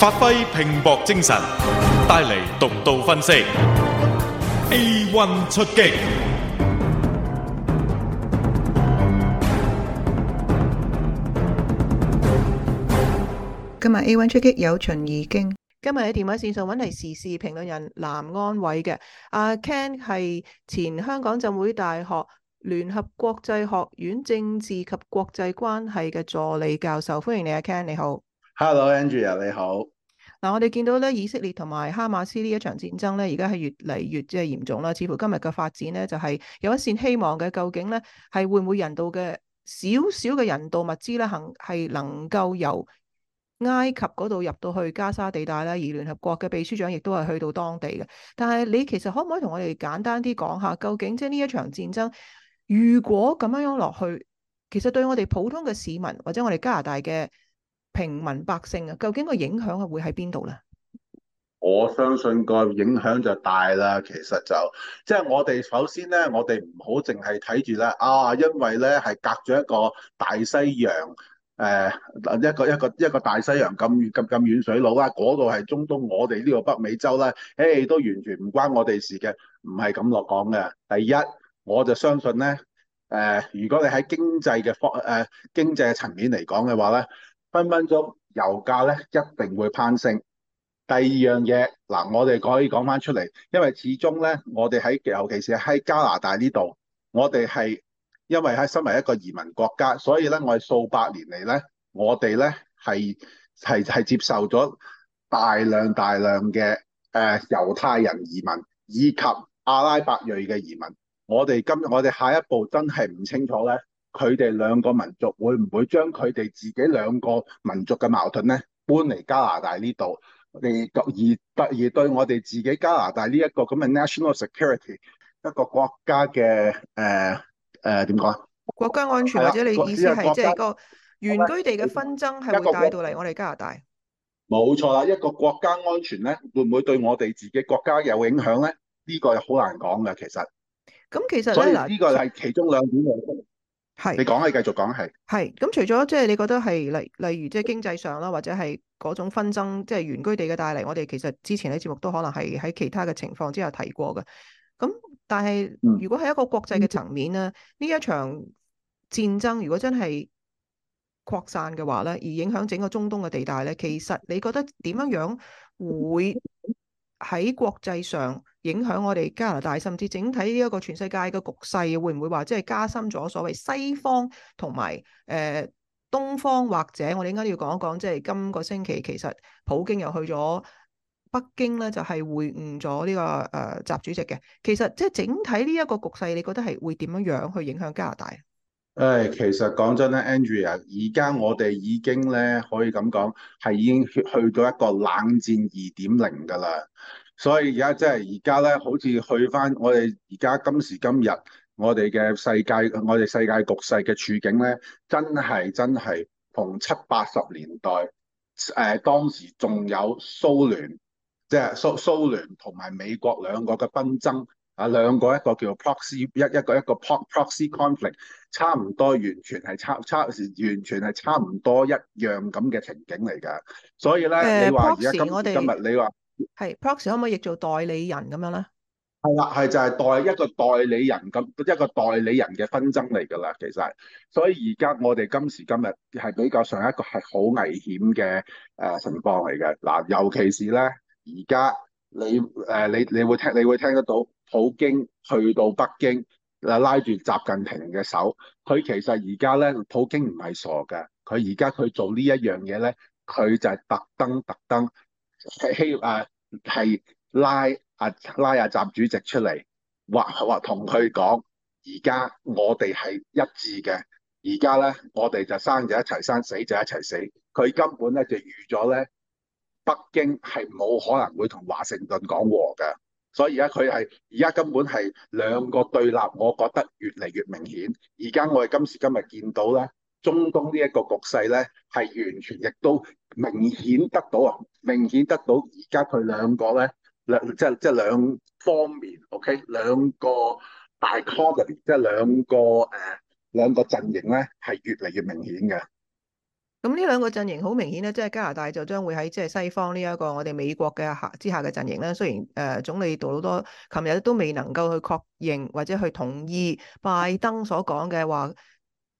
發揮拼搏精神，帶嚟獨到分析。A one 出擊，今日 A one 出擊有秦怡經。今日喺電話線上揾嚟時事評論人藍安偉嘅。阿 Ken 係前香港浸會大學聯合國際學院政治及國際關係嘅助理教授。歡迎你，阿 Ken，你好。Hello, Andrea, 你好。嗱、啊，我哋見到咧，以色列同埋哈馬斯呢一場戰爭咧，而家係越嚟越即係嚴重啦。似乎今日嘅發展咧，就係、是、有一線希望嘅。究竟咧，係會唔會人道嘅少少嘅人道物資咧，行係能夠由埃及嗰度入到去加沙地帶咧？而聯合國嘅秘書長亦都係去到當地嘅。但係你其實可唔可以同我哋簡單啲講下，究竟即係呢一場戰爭，如果咁樣樣落去，其實對我哋普通嘅市民或者我哋加拿大嘅？平民百姓啊，究竟個影響係會喺邊度咧？我相信個影響就大啦。其實就即係、就是、我哋首先咧，我哋唔好淨係睇住啦。啊，因為咧係隔咗一個大西洋，誒、呃、一個一個一個大西洋咁遠咁咁遠水路啦。嗰度係中東，我哋呢個北美洲啦，誒、欸、都完全唔關我哋事嘅，唔係咁落講嘅。第一，我就相信咧，誒、呃、如果你喺經濟嘅方誒經濟嘅層面嚟講嘅話咧。分分鐘油價咧一定會攀升。第二樣嘢嗱，我哋可以講翻出嚟，因為始終咧，我哋喺尤其是喺加拿大呢度，我哋係因為喺身為一個移民國家，所以咧我哋數百年嚟咧，我哋咧係係係接受咗大量大量嘅誒、呃、猶太人移民以及阿拉伯裔嘅移民。我哋今我哋下一步真係唔清楚咧。佢哋兩個民族會唔會將佢哋自己兩個民族嘅矛盾咧搬嚟加拿大呢度？我哋特以特對我哋自己加拿大呢一個咁嘅 national security 一個國家嘅誒誒，點講？呃呃、國家安全，或者你意思係即係個原居地嘅紛爭係會帶到嚟我哋加拿大？冇錯啦，一個國家安全咧會唔會對我哋自己國家有影響咧？呢、這個好難講噶，其實。咁其實所以呢個係其中兩點。係，你講可以，繼續講係。係，咁除咗即係你覺得係，例例如即係經濟上啦，或者係嗰種紛爭，即、就、係、是、原居地嘅帶嚟。我哋其實之前喺節目都可能係喺其他嘅情況之下提過嘅。咁但係如果係一個國際嘅層面咧，呢、嗯、一場戰爭如果真係擴散嘅話咧，而影響整個中東嘅地帶咧，其實你覺得點樣樣會？喺國際上影響我哋加拿大，甚至整體呢一個全世界嘅局勢，會唔會話即係加深咗所謂西方同埋誒東方，或者我哋應該都要講一講，即係今個星期其實普京又去咗北京咧、這個，就係會晤咗呢個誒習主席嘅。其實即係、就是、整體呢一個局勢，你覺得係會點樣樣去影響加拿大？誒，其實講真咧，Andrew，而家我哋已經咧可以咁講，係已經去到一個冷戰二點零㗎啦。所以而家即係而家咧，好似去翻我哋而家今時今日我哋嘅世界，我哋世界局勢嘅處境咧，真係真係同七八十年代誒、呃、當時仲有蘇聯，即係蘇蘇聯同埋美國兩個嘅紛爭。啊，兩個一個叫 proxy，一一個一個 proxy conflict，差唔多完全係差是差是完全係差唔多一樣咁嘅情景嚟㗎。所以咧、呃，你話而家今今日你話係 proxy 可唔可以譯做代理人咁樣咧？係啦，係就係代一個代理人咁一個代理人嘅紛爭嚟㗎啦，其實。所以而家我哋今時今日係比較上一個係好危險嘅誒情況嚟嘅嗱，尤其是咧而家，你誒你你會聽你會聽得到普京去到北京，嗱拉住習近平嘅手，佢其實而家咧普京唔係傻嘅，佢而家佢做呢一樣嘢咧，佢就係特登特登希誒係拉阿拉下習主席出嚟，話話同佢講，而家我哋係一致嘅，而家咧我哋就生就一齊生，死就一齊死。佢根本咧就預咗咧。北京係冇可能會同華盛頓講和嘅，所以而家佢係而家根本係兩個對立，我覺得越嚟越明顯。而家我哋今時今日見到咧，中東呢一個局勢咧係完全亦都明顯得到啊，明顯得到而家佢兩個咧兩即係即係兩方面，OK 兩個大 company 即係兩個誒兩個陣營咧係越嚟越明顯嘅。咁呢兩個陣營好明顯咧，即係加拿大就將會喺即係西方呢一個我哋美國嘅之下嘅陣營咧。雖然誒總理杜魯多琴日都未能夠去確認或者去同意拜登所講嘅話。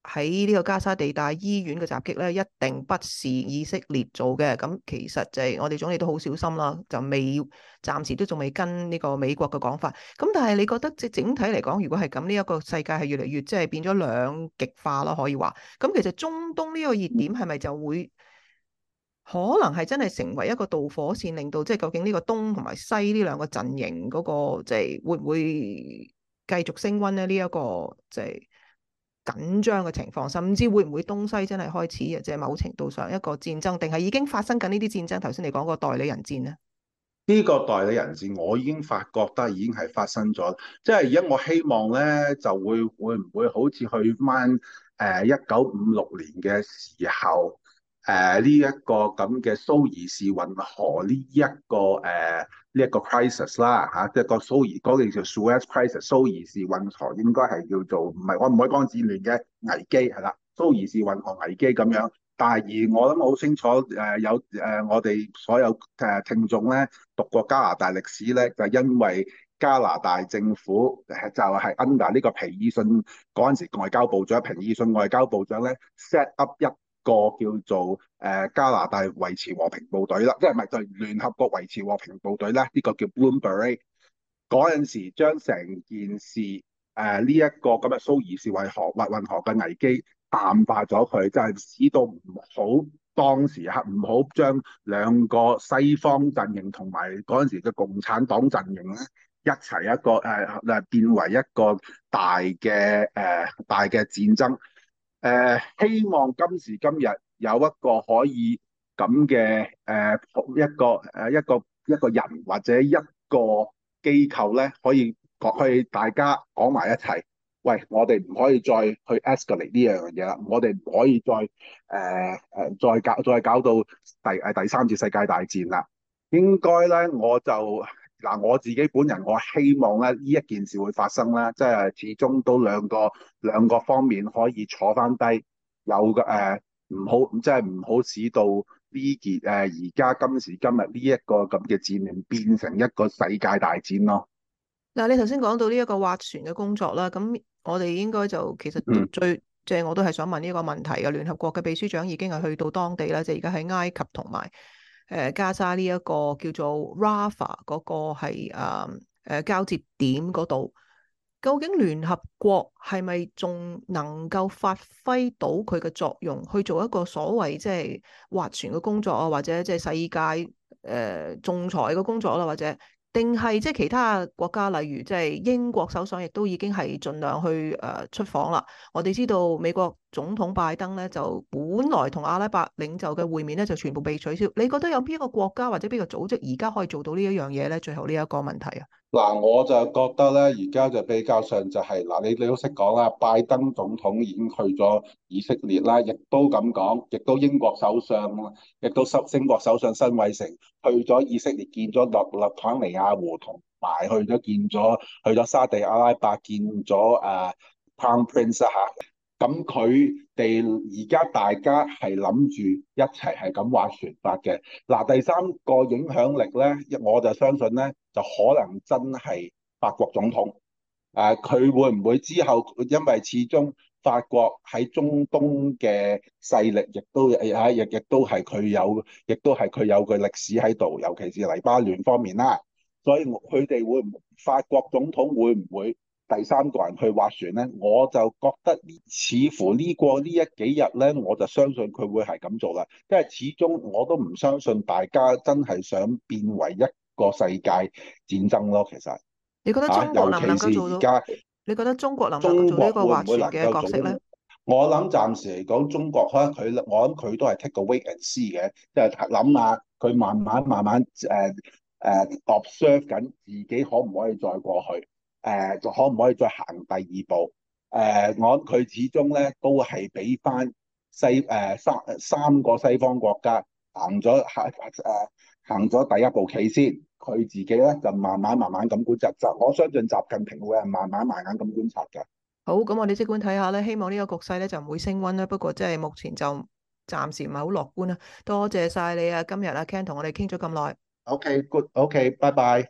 喺呢個加沙地帶醫院嘅襲擊咧，一定不是以色列做嘅。咁其實就係我哋總理都好小心啦，就未暫時都仲未跟呢個美國嘅講法。咁但係你覺得即係整體嚟講，如果係咁，呢、這、一個世界係越嚟越即係、就是、變咗兩極化咯，可以話。咁其實中東呢個熱點係咪就會可能係真係成為一個導火線，令到即係究竟呢個東同埋西呢兩個陣營嗰個即、就、係、是、會唔會繼續升溫咧？呢、這、一個即、就、係、是。緊張嘅情況，甚至會唔會東西真係開始，即係某程度上一個戰爭，定係已經發生緊呢啲戰爭？頭先你講個代理人戰呢，呢個代理人戰，我已經發覺得已經係發生咗。即係而家我希望呢，就會會唔會好似去返誒一九五六年嘅時候，誒呢、uh, 一個咁嘅蘇伊士運河呢一個誒呢一個 crisis 啦嚇，即、啊、係、這個蘇伊嗰件事叫 Suez crisis，蘇伊士運河應該係叫做唔係我唔可以講戰亂嘅危機係啦，蘇伊士運河危機咁樣。但係而我諗好清楚誒，有、呃、誒、呃、我哋所有誒聽眾咧讀過加拿大歷史咧，就因為加拿大政府就係 under 呢個皮爾遜嗰陣時外交部長皮爾遜外交部長咧 set up 一。個叫做誒、呃、加拿大維持和平部隊啦，即係唔係就係聯合國維持和平部隊咧？呢、這個叫 Blue Beret。嗰陣時將成件事誒呢一個咁嘅蘇伊士河或運河嘅危機淡化咗佢，就係使到唔好當時嚇唔好將兩個西方陣營同埋嗰陣時嘅共產黨陣營咧一齊一個誒誒、呃、變為一個大嘅誒、呃、大嘅戰爭。誒、呃，希望今時今日有一個可以咁嘅誒，一個誒、呃，一個、呃、一個人或者一個機構咧，可以講，可以大家講埋一齊。喂，我哋唔可以再去 escalate 呢樣嘢啦，我哋唔可以再誒誒、呃，再搞，再搞到第誒第三次世界大戰啦。應該咧，我就。嗱，我自己本人我希望咧，呢一件事會發生啦。即係始終都兩個兩個方面可以坐翻低，有嘅誒唔好，即係唔好使到呢結誒而家今時今日呢一個咁嘅戰亂變成一個世界大戰咯。嗱，你頭先講到呢一個划船嘅工作啦，咁我哋應該就其實最即係、嗯、我都係想問呢個問題嘅，聯合國嘅秘書長已經係去到當地啦，即係而家喺埃及同埋。誒、呃、加沙呢一個叫做 Rafah 嗰個係、呃呃、交接點嗰度，究竟聯合國係咪仲能夠發揮到佢嘅作用，去做一個所謂即係斡旋嘅工作啊，或者即係世界誒、呃、仲裁嘅工作啦、啊，或者？定係即係其他國家，例如即係英國首相，亦都已經係盡量去誒出訪啦。我哋知道美國總統拜登咧，就本來同阿拉伯領袖嘅會面咧，就全部被取消。你覺得有邊一個國家或者邊個組織而家可以做到呢一樣嘢咧？最後呢一個問題啊！嗱，我就覺得咧，而家就比較上就係，嗱，你你都識講啦，拜登總統已經去咗以色列啦，亦都咁講，亦都英國首相，亦都收英國首相辛偉誠去咗以色列見咗納立坦尼亞胡，同埋去咗見咗，去咗沙地阿拉伯見咗誒、uh,，Prince m p 吓。咁佢哋而家大家係諗住一齊係咁話説法嘅。嗱、啊，第三個影響力咧，我就相信咧，就可能真係法國總統。誒、啊，佢會唔會之後？因為始終法國喺中東嘅勢力，亦、啊、都誒亦亦都係佢有，亦都係佢有佢歷史喺度，尤其是黎巴嫩方面啦。所以佢哋會唔法國總統會唔會？第三個人去划船咧，我就覺得似乎這個這呢個呢一幾日咧，我就相信佢會係咁做啦。因為始終我都唔相信大家真係想變為一個世界戰爭咯。其實，你覺得中國、啊、尤其是而家，你覺得中國能唔能夠做個呢個劃船嘅角色咧？我諗暫時嚟講，中國可能佢，我諗佢都係 take a wait and see 嘅，即係諗下佢慢慢慢慢誒誒、uh, uh, observe 緊自己可唔可以再過去。Uh, 就可唔可以再行第二步？誒、uh,，我諗佢始終咧都係俾翻西誒、uh, 三三個西方國家行咗、uh, 行誒行咗第一步棋先，佢自己咧就慢慢慢慢咁觀察。就我相信習近平會係慢慢慢慢咁觀察㗎。好，咁我哋即管睇下咧，希望呢個局勢咧就唔會升溫啦。不過即係目前就暫時唔係好樂觀啦。多謝晒你啊，今日啊 Ken 同我哋傾咗咁耐。OK，good，OK，、okay, okay, 拜拜。